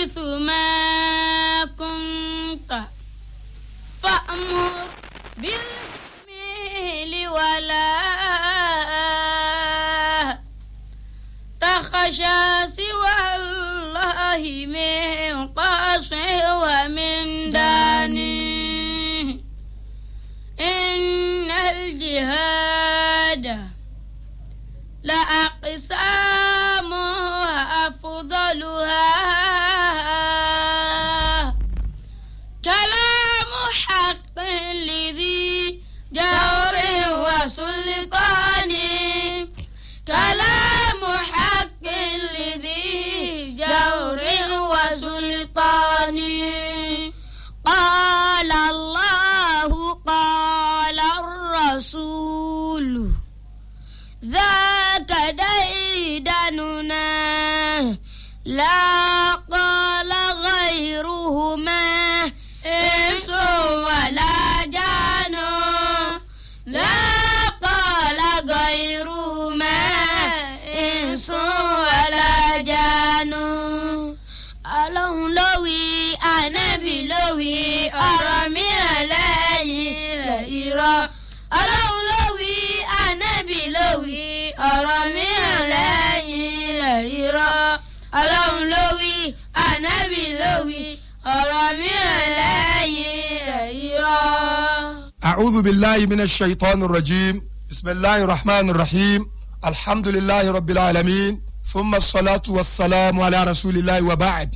حيث ما كنت فأمر بالجميل ولا تخشى سوى الله من قاص ومن داني إن الجهاد لأقسام أفضلها الرسول ذاك ديدننا لا wí ọ̀rọ̀ mìíràn lẹ́yìn rẹ̀ irọ́. a'udhu billahi minash shaitani rajim bisimilahi rahman rahim alhamdulilahi rabbil alamin thumma salatu wa salamu ala rasulillahi wa ba'd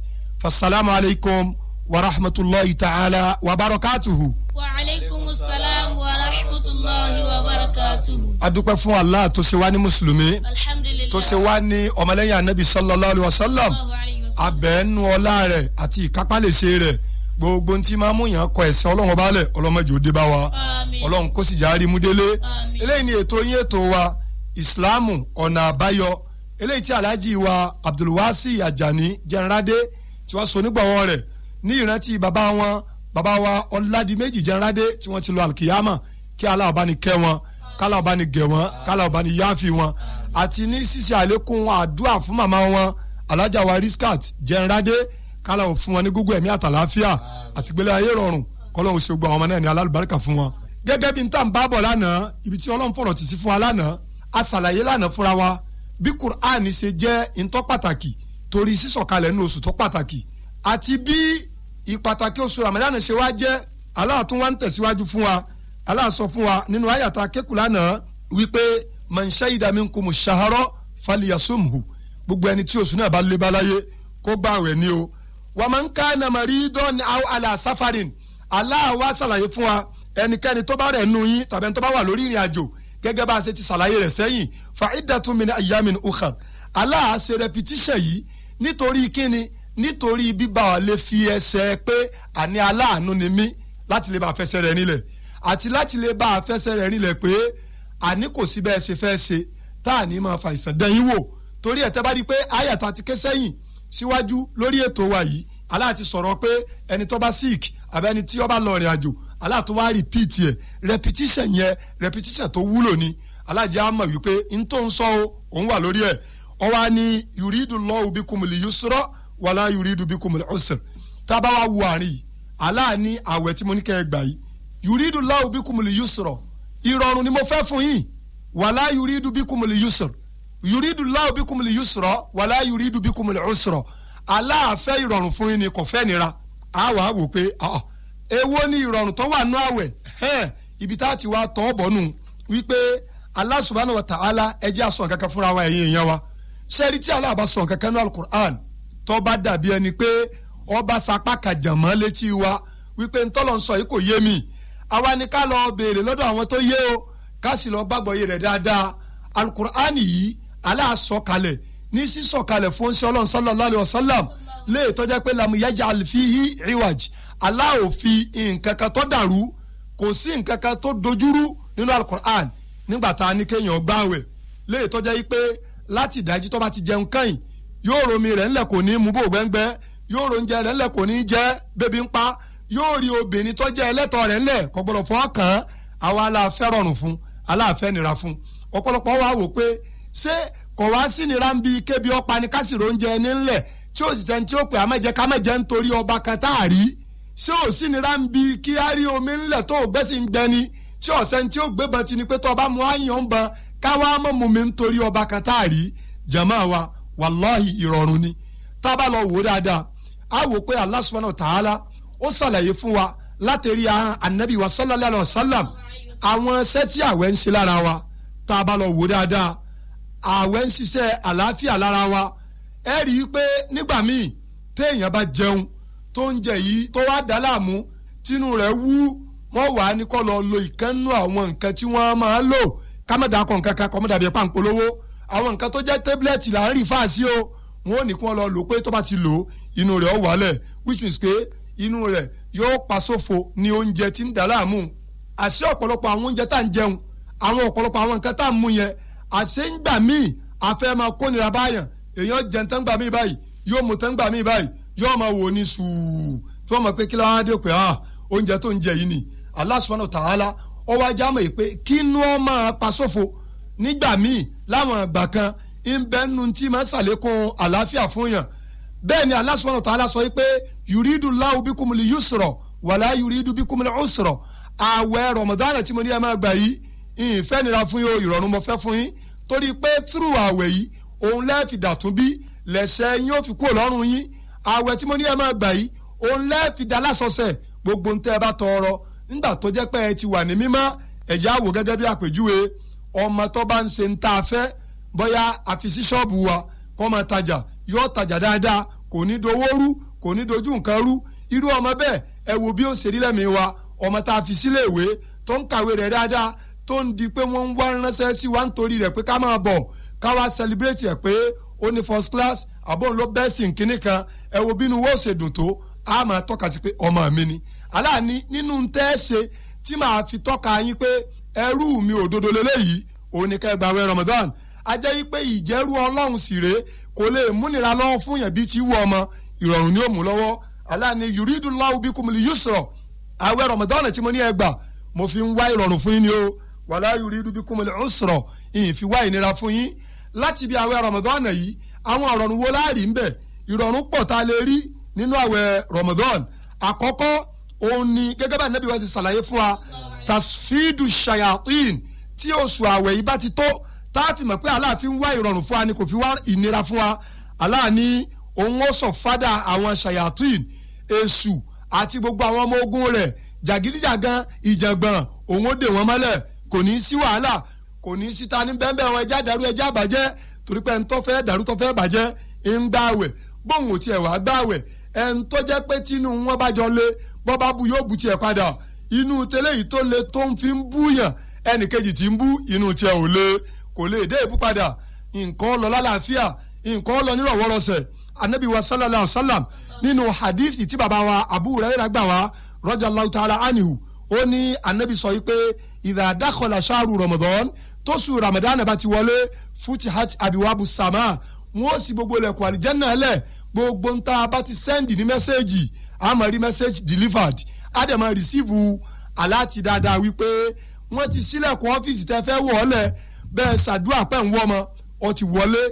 fasalaamu alaykum wa rahmatulahi ta'ala wa barakatuhu. wa aleykum salaam wa rahmatulahi wa barakatuhu. a dúpẹ́ fún Allah tó ṣe wá ní mùsùlùmí. alhamdulilayi tó ṣe wá ní ọmọlẹ́yìn anabi sallallahu alayhi wa sallam abẹ́ẹ́nu ọlá rẹ̀ àti ìkápálẹ̀ṣe rẹ̀ gbogbo ntí máa mú yàn kọ ẹ̀sìn ọlọ́run balẹ̀ ọlọ́mọdé òde bá wa ọlọ́run kó sì járí mú délé eléyìí ni ètò yín ètò wa ìsìláàmù ọ̀nà àbáyọ eléyìí tí alhaji wa abdulwasi ajani jẹnradé tí wọ́n so nígbàwọ́ rẹ̀ ní ìrántí bàbá wọn bàbá wa ọ̀làdìmẹ́jì jẹnradé tí wọ́n ti lọ alkiyama kí Allah bá ni kẹ́ wọn kálá ni gẹ̀ wọ́n kálá ọba ni wọn àti ní ṣíṣe àlékún àdúrà fún màmá wọn alájà wa riskat jẹnradé kálá ò fún wọn ní gúgú ẹ̀mí àtàláfíà àtìgbélé ayé rọrùn kọ́lọ́hún ṣe gbọ́ àwọn ọmọ náà ní alálùbáríkà fún wọn. gẹ́gẹ́ bí n tá n bá bọ̀ lánàá ibi tí ọlọ́run fọ̀rọ̀ ti sí fún wa lánàá a ṣàlàyé lánàá fúnra wa bí Qur'an ṣe jẹ́ ntọ́ pàtàkì torí sísọ̀kalẹ̀ nínú oṣù tó pàtàkì àti bí ìpàtàkì oṣù Ramadan ṣe wá jẹ́ Allah tún ń tẹ̀síwájú fún wa Allah fún wa nínú àyàtà kékù wípé man shahida minkumu shahara gbogbo ẹni tí oṣù náà bá lé báláyé kó bá rẹ̀ ní o. wà á máa ń ká nàmàrí dán àlà safarin aláwa ṣàlàyé fún wa ẹnikẹ́ni tó bá rẹ̀ nù yín tàbí ẹni tó bá wà lórí ìrìn àjò gẹ́gẹ́ bá a ṣe ti ṣàlàyé rẹ̀ sẹ́yìn fa'iddatun min ayyamin ukhar aláà ṣe repetition yìí nítorí kíni nítorí bíbá wa lè fi ẹsẹ̀ pé àní aláàánú ni mí láti lè bá àfẹsẹ̀ rẹ̀ nílẹ̀ àti láti lè bá àfẹsẹ̀ rẹ̀ nílẹ̀ pé àní kò sí bẹ́ẹ̀ ṣe fẹ́ ṣe tá à ní máa fa ìsàn dẹ́yìn wò torí ẹ̀ tẹ́ bá rí i pé àyàtà ti ké sẹ́yìn síwájú lórí ètò wa yìí aláàtì sọ̀rọ̀ pé ẹni tó bá sick àbẹ́ ẹni tí ó bá lọ rìn àjò aláàtò wá repeat yẹ repetition yẹ repetition tó wúlò ni aláàjì á mọ̀ wípé n tó ń sọ òun wà lórí ẹ̀ ọ wá ní yùrídù lọ́wọ́ bí kùmùlì yusra wàlá yùrídù bí kùmùlì usr tá a bá wá wo àárín yìí aláàní àwẹ̀ tí mo ní kẹ́ ẹ gbà yìí yùrídù lọ́wọ́ bí kùmùlì yusra ìrọ̀rùn ni mo fẹ́ fún yín wàlá yùrídù bí kùmùlì yusra yuridu láwù bí kùmùlì yusra wàlá yuridu bí kùmùlì usra aláàfẹ́ ìrọ̀rùn fún yín ni kò fẹ́ nira a wàá wò pé ah, ah, èwo ni ìrọ̀rùn tó wà nú àwẹ̀ ibi tá a ti wá tọ́ bọ́nù wípé Allah wa ta'ala ẹ jẹ́ àsọ̀ kankan fúnra wa ẹ̀yin èèyàn wa sẹ́ẹ̀rí tí Allah bá sọ̀ kankan ní alukur'an tó bá dàbí ẹni pé ọba sapá kàjàmọ́ létí wa wípé ntọ́lọ̀ ń sọ yìí kò yé mi yìí aláàsọkalẹ̀ ní sísọkalẹ̀ fún ṣe ọlọ́run sallallahu alaihi wasallam léè tọ́jà pé lamu yaj'al fihi iwaj aláòfin nǹkan kan tó dàrú kò sí nǹkan kan tó dojúrú nínú alukur'an nígbà tá a ní kéèyàn gbáwẹ̀ léè tọ́jà yìí pé láti ìdájí tó bá ti jẹun kẹ́yìn yóò romi rẹ̀ ńlẹ̀ kò ní mú bò gbẹ́ngbẹ́ yóò ronjẹ rẹ̀ ńlẹ̀ kò ní jẹ́ bébí ń pa yóò rí obìnrin tó jẹ́ ẹlẹ́tọ̀ rẹ̀ ńlẹ̀ kò gbọ́dọ̀ fọ́ kàn àwa aláàfẹ́ rọrùn fún aláàfẹ́ nira fún ọ̀pọ̀lọpọ̀ wa wò pé ṣé kò wá sí nira ń bi kébi ọ̀pá ni kásìrò oúnjẹ ẹni ńlẹ̀ tí ó sì sẹ́ni tí ó pè àmọ́jẹ kámẹ́jẹ ń torí ọba kan tá a rí ṣé ò sí nira ń bi kí á rí omi ńlẹ̀ tó ò gbẹ́sì ń gbẹni tí ọ̀sẹ́ni tí ó gbébọn ti ni pé tó ọba mu áyàn ń ban káwá mọ̀ mu mi ń ọba kan tá a wa wàláhì ìrọ̀rùn ni tá a bá lọ wò dáadáa á wò pé Allah subhanahu ó ṣàlàyé fún wa látẹ̀rí sallam àwọn iṣẹ́ wa tá a bá lọ wò ó dáadáa ààwẹ̀ ń ṣiṣẹ́ àlàáfíà lára wa ẹ rí i pé nígbà míì téèyàn bá jẹun tó ń jẹ yìí tó wá dá láàmú tínú rẹ̀ wú wọ́n wà á ní kọ́ lọ lo ìkànnú àwọn nǹkan tí wọ́n máa lò kámẹ́dà kan kankan kọ́mẹ́dà bíi pàǹpolówó àwọn nǹkan tó jẹ́ tẹ́bílẹ̀tì là ń rí fáàsì o wọn ò ní kí lọ lò pé tó bá ti lò inú rẹ̀ ó wálẹ̀ which means pé inú rẹ̀ yóò pa sófo ní oúnjẹ tí ń dá láàmú àṣé ọ̀pọ̀lọpọ̀ àwọn oúnjẹ tá ń jẹun àwọn ọ̀pọ̀lọpọ̀ àwọn nǹkan tá ń mú yẹn àṣeǹgbà míì afẹ́ máa kónira báyàn èèyàn jẹun tán gbà míì báyìí yóò mú tán gbà míì báyìí yóò máa wò ní sùúrù tí wọ́n mọ̀ pé kí lóun á dé pé ah oúnjẹ tó ń jẹ yìí ni Allah subhanahu wa ta'ala ọwọ́ ajá mọ̀ pé kí inú ọ máa pa sófo nígbà míì láwọn àgbà kan ń bẹ́ nu tí máa ṣàlékún àlàáfíà fún yàn bẹ́ẹ̀ ni Allah subhanahu wa ta'ala sọ pé yuridu Allahu bikumul yusra wala yuridu bikumul usra àwẹ̀ Ramadan tí mo ní ẹ máa gbà yìí ìfẹ́ nira fún yín o ìrọ̀rùn mo fẹ́ fún yín torí pé túrú àwẹ̀ yìí òun lẹ́ẹ̀fì dàtún bí lẹ̀ṣẹ̀ yín ó fi kúrò lọ́rùn yín àwẹ̀ tí mo ní ẹ máa gbà yìí òun lẹ́ẹ̀fì lásọsẹ̀ gbogbo ń tẹ́ ẹ nígbà tó jẹ́ pé ẹ ti wà ní mímọ́ gẹ́gẹ́ bí àpèjúwe ọmọ bá ń se ń ta afẹ́ àfi wa kọ́ máa tajà yóò dáadáa kò ní dowó rú kò ní dojú nǹkan rú irú ọmọ tó ń di pé wọ́n ń wá ránṣẹ́ sí wa nítorí rẹ̀ pé ká máa bọ̀ ká wá celebrate ẹ̀ pé ó ní first class àbọ̀ ló best in kínní kan ẹ wo bínú wọ́n ṣe dùn tó a máa tọ́ka sí pé ọmọ mi ni aláàní nínú tẹ́ ẹ ṣe tí màá fi tọ́ka yín pé ẹrú mi òdodo lélẹ́yìí òun ni kẹ́ gbàwé Ramadan ajẹ́ yí pé ìjẹ́rú ọlọ́run sì rèé kò lè múnira lọ́wọ́ fún yẹn bíi ti wú ọmọ ìrọ̀rùn ni ó mú lọ́wọ́ aláàní yuridullahu bikumul yusra àwẹ̀ Ramadan tí mo ní ẹgbà mo fi ń wá ìrọ̀rùn fún yín ni o wàlá yuridu bikumul usra ìfi wá ìnira fún yín láti bí àwẹ̀ ramadan yìí àwọn ọ̀rọ̀rùn wo láàrí ń ìrọ̀rùn pọ̀ tá a lè rí nínú àwẹ̀ ramadan àkọ́kọ́ òun ni gẹ́gẹ́ bá nẹ́bí wa ti ṣàlàyé fún wa tasfidu shayatin tí oṣù àwẹ̀ yìí bá ti tó tá a fi mọ̀ pé Allah fi ń wá ìrọ̀rùn fún wa ni kò fi wá ìnira fún wa Allah òun ó sọ fádà àwọn shayatin èṣù àti gbogbo àwọn ọmọ ogun rẹ̀ jàgídíjàgan ìjàngbọ̀n òun ó dè wọ́n mọ́lẹ̀ kò ní í sí wàhálà kò ní í sí ta ní bẹ́ẹ̀ wọn ẹja dàrú ẹja bàjẹ́ torí pé ẹni tó fẹ́ dàrú tó fẹ́ bàjẹ́ ń gbà wẹ̀ bóun ò tiẹ̀ wá gbà wẹ̀ ẹni tó jẹ́ pé tínú wọn bá jọ lé bọ́ bá bu yóò bu tiẹ̀ padà inú tẹ́lẹ̀ yìí tó le tó ń fi ń búyàn ẹnì kejì tí ń bú inú tiẹ̀ ò le kò lè dé ìbú padà nǹkan lọ lálàáfíà nǹkan lọ nírọ̀wọ́rọ̀sẹ̀ anabi wa sallallahu alayhi wa sallam nínú hadith tí baba wa abu hurairah gbà wá radiyallahu ta'ala anhu ó ní anabi sọ yìí ìdàdàkọlà ṣáàrù Ramadan tóṣù Ramadan bá ti wọlé futihat abiwabu sama wọn ó sì gbogbo ilẹ̀kùn àlìjẹ́nà lẹ̀ gbogbo ń tá bá ti sẹ́ndì ní mẹ́sẹ́ẹ̀jì a rí mẹ́sẹ́ẹ̀jì delivered a dẹ̀ máa rìsíìfù aláàtì dáadáa wípé wọ́n ti sílẹ̀kùn ọ́fíìsì tẹ́ fẹ́ wọ̀ ọ́ lẹ̀ bẹ́ẹ̀ ṣàdúrà pẹ̀ ń wọ́ ọmọ ó ti wọlé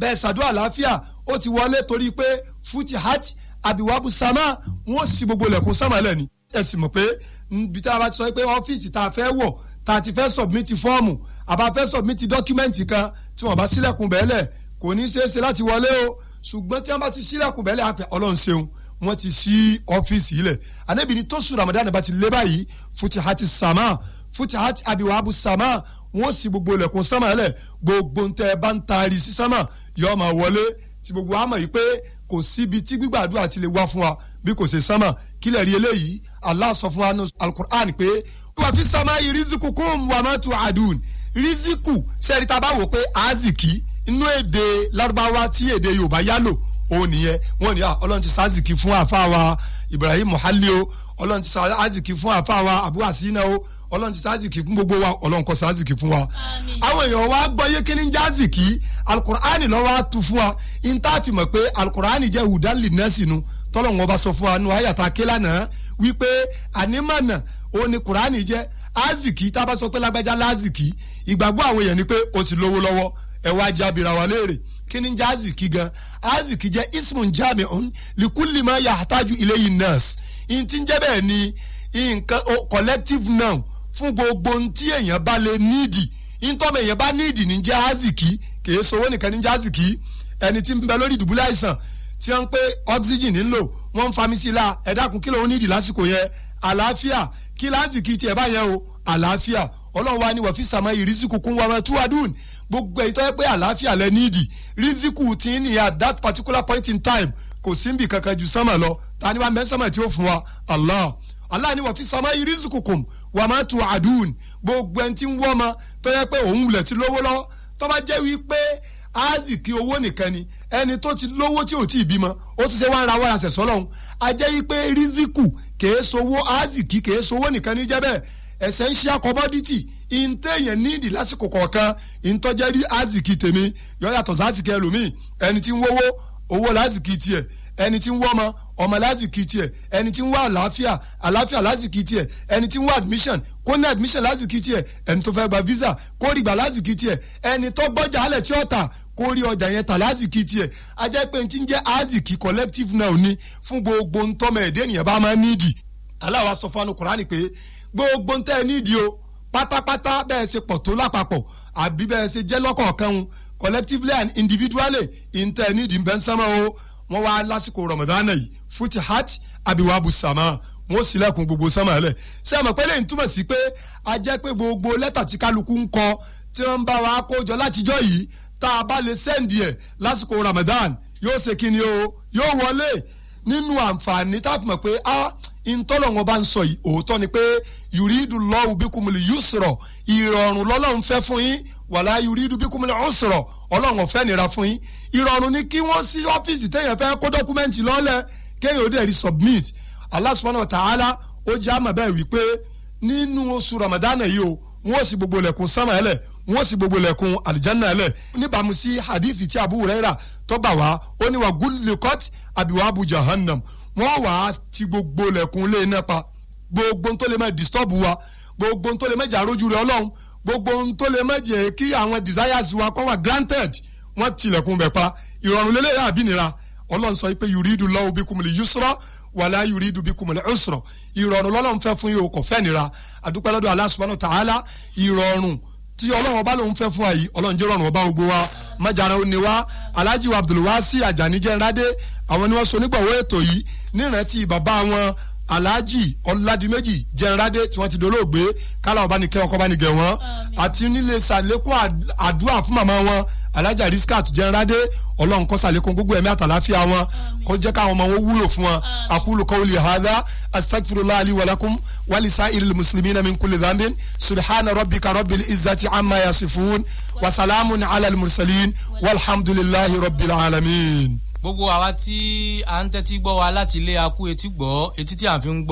bẹ́ẹ̀ ṣàdúrà láfíà ó ti wọlé torí pé futihat abiwabu sama wọn ó sì gbogbo ilẹ̀kùn sama lẹ̀ ni ẹ sì mọ̀ pé ibi mm, tá a bá ti sọ pé ọ́fíìsì tá a fẹ́ wọ̀ tá a ti fẹ́ submit fọ́ọ̀mù àbá fẹ́ submit dọ́kímẹ́ǹtì kan tí wọ́n bá sílẹ̀kùn bẹ́ẹ̀lẹ̀ kò ní í ṣeé ṣe láti wọlé o ṣùgbọ́n tí wọ́n bá ti sílẹ̀kùn bẹ́ẹ̀lẹ̀ àpẹ ọlọ́run ṣeun wọ́n ti ṣí ọ́fíìsì ilẹ̀ anábìrin tó sùn ramadan bá ti lé báyìí futihati sama futihati abiwabu sama wọ́n sì gbogbo ilẹ̀kùn sama ẹlẹ̀ gbogbo ń tẹ́ ẹ bá ń taari sí sama yọ ọmọ wọlé tí gbogbo àmọ̀ yìí pé kò síbi tí gbígbàdúrà ti lè wá fún wa bí kò ṣe sama kílẹ̀ rí eléyìí Allah sọ fún wa ní alukur'an pé wà fi sama iriziku kum wà má tu adùn riziku sẹ́ẹ̀rì tá a bá wò pé aziki inú èdè Lárúbáwá tí èdè Yorùbá yálò òun nìyẹn wọn ni ah, Ọlọ́run ti saziki fún àfa wa Ibrahim Muhalli o Ọlọ́run ti saziki fún àfa wa Abu Asina o Ọlọ́run ti saziki fún gbogbo wa Ọlọ́run kọ saziki fún wa. àwọn èèyàn wa gbọ́ yé kí ni jaziki alukur'ani lọ́wọ́ á tu fún wa n ta fi mọ̀ pé alukur'ani jẹ́ hudalli nu tọ́lọ́wọ́n ọba sọ fún wa nu ayàtà kílànà wípé ànímọ̀nà òun ni kùránì jẹ́ aziki tá a bá sọ pé lágbájá láziki ìgbàgbọ́ àwọn èèyàn ni pé o ti lówó lọ́wọ́ ẹ wá jẹ́ abìrà léèrè kí ni jẹ́ aziki gan aziki jẹ́ ismun jami'un likulima yahtaju ilayhi nas n ti jẹ́ bẹ́ẹ̀ ni nǹkan collective noun fún gbogbo ohun tí èèyàn bá lè níìdì ntọ́mọ èèyàn bá níìdì ní jẹ́ aziki kì í sọ owó nìkan ní jẹ́ aziki ẹni tí ń bẹ lórí ìdùbúlẹ̀ àìsàn tí wọ́n ń pé oxygen nílò wọ́n ń fami sí i la ẹ dákun kí lóun nídìí lásìkò yẹn àlàáfíà kí lásìkò tiẹ̀ báyẹn o àlàáfíà ọlọ́run wa ni wọ́n fi sàmọ́ yìí rísíkù kún wọn tú adùn gbogbo èyí tó pé àlàáfíà lẹ nídìí rísíkù tí ń nìyà that particular point in time kò sí níbi kankan ju sánmà lọ ta ni wàá mẹ́ sánmà tí ó fún wa Allah Allah ni wọ́n fi sàmọ́ yìí rísíkù kún wọ́n máa tu adùn gbogbo ẹni tí ń wọ́ ọmọ tó yẹ pé òun wulẹ̀ ti lówó lọ́wọ́ tó bá jẹ́ wípé áàzì kí owó nìkan ni ẹni tó ti lówó tí ò tí ì bímọ ó tún ṣe wá ń ra wára ṣẹ̀ sọ́lọ́hún a jẹ́ yí pé rízíkù kèé sowó áàzìkì kèé sowó nìkan ní jẹ́ essential commodity ìǹtẹ̀yẹ̀ níìdì lásìkò kọ̀ọ̀kan ìǹtọ́jẹ́ rí áàzìkì tèmi yọ yàtọ̀ sáàzìkì ẹlòmíì ẹni tí ń wówó owó lásìkì tiẹ̀ ẹni tí ń wọ́mọ ọmọ lásìkì tiẹ̀ ẹni tí ń wá àlàáfíà àlàáfíà lásìkì tiẹ̀ ẹni tí ń wá admission kó ní admission lásìkì tiẹ̀ ẹni tó fẹ́ gba visa kó rí gbà lásìkì tiẹ̀ ẹni tó gbọ́jà alẹ̀ tí ó tà kó rí ọjà yẹn tà lásìkí tiẹ̀ a jẹ́ pé n ti ń jẹ́ aziki collective náà ní fún gbogbo ntọ́mọ ẹ̀dẹ́ ènìyàn bá máa nídìí Allah wá sọ fún Kùránì pé gbogbo ntẹ́ nídìí o pátápátá bẹ́ẹ̀ ṣe pọ̀ tó lápapọ̀ àbí bẹ́ẹ̀ ṣe jẹ́ lọ́kọ̀ọ̀kan o collectively and individually ntẹ́ nídìí bẹ́ẹ̀ sánmọ́ o wọ́n wá lásìkò Ramadan yìí futihat abiwabu sama wọn ò ṣílẹ̀kùn gbogbo sánmọ́ ẹ̀lẹ̀ ṣé ẹ mọ̀ pé lẹ́yìn túmọ̀ sí pé a jẹ́ pé gbogbo lẹ́tà tí kálukú tá a bá lè sẹ́ǹdì ẹ̀ lásìkò Ramadan yóò ṣe kí ni o yóò wọlé nínú àǹfààní tá a fi mọ̀ pé a ntọ́lọ̀ wọn bá ń sọ yìí òótọ́ ni pé yùrídù lọ́wọ́ bí kùmùlì yusrọ̀ ìrọ̀rùn lọ́lọ́run fẹ́ fún yín wàlá yùrídù bí kùmùlì usrọ̀ ọlọ́run ọ̀fẹ́ nira fún yín ìrọ̀rùn ni kí wọ́n sí ọ́fíìsì téèyàn fẹ́ kó dọ́kúmẹ́ǹtì lọ́lẹ̀ kéèyàn ó dẹ̀ rí submit Allah subhanahu ó jẹ́ àmọ̀ bẹ́ẹ̀ wípé nínú oṣù Ramadan yìí o wọ́n sì gbogbo ilẹ̀kùn sánmà ẹlẹ̀ wọ́n sì gbogbo lẹ̀kùn àlìjánná lẹ̀ níbàámu sí hadith tí Abu Huraira tó bá wá ó ní wà gúlùkọ́t àbíwá abu jahannam wọ́n wà á ti gbogbo lẹ̀kùn lé iná gbogbo tó lè má disturb wa gbogbo tó lè má jà rójú rẹ ọlọ́run gbogbo tó lè má jẹ́ kí àwọn desires wa kọ́ wa granted wọ́n tilẹ̀kùn bẹ̀ pa ìrọ̀rùn lélẹ́yà àbínira ọlọ́run sọ pé yuridu llahu bikumul yusra wàlá yuridu bikumul usra ìrọ̀rùn lọ́lọ́run fẹ́ fún yìí o kò fẹ́ nira àdúpẹ́ lọ́dọ̀ Allah subhanahu wa ta'ala ìrọ̀rùn tí ọlọ́run ọba lòun fẹ́ fún wa yìí ọlọ́run jẹ́ rọrùn ọba gbogbo wa májàra ó wa alhaji abdulwasi ajani jẹ́nradé àwọn ni wọ́n so nígbàwọ́ ètò yìí nírètí bàbá wọn alhaji ọládìméjì jẹ́nradé tí wọ́n ti dolóògbé kálá ọba nìkẹ́ ọkọ̀ ọba nìgẹ̀ wọn àti nílé sàlékún àdúrà fún màmá wọn alájà riskat jẹnradé ọlọ́run kó ṣàlékún gbogbo ẹ̀mí àtàláfíà wọn kó jẹ́ káwọn ọmọ wọn wúlò fún wọn aqulu qawli hadha astaghfirullah li wa lakum wa li sa'iril muslimina min kulli dhanbin subhana rabbika rabbil izzati amma yasifun wa salamun alal mursalin walhamdulillahi rabbil alamin. gbogbo àwa tí à ń tẹ́tí gbọ́ wa láti ilé akú etí gbọ́ etí tí à ń fi ń gbọ́.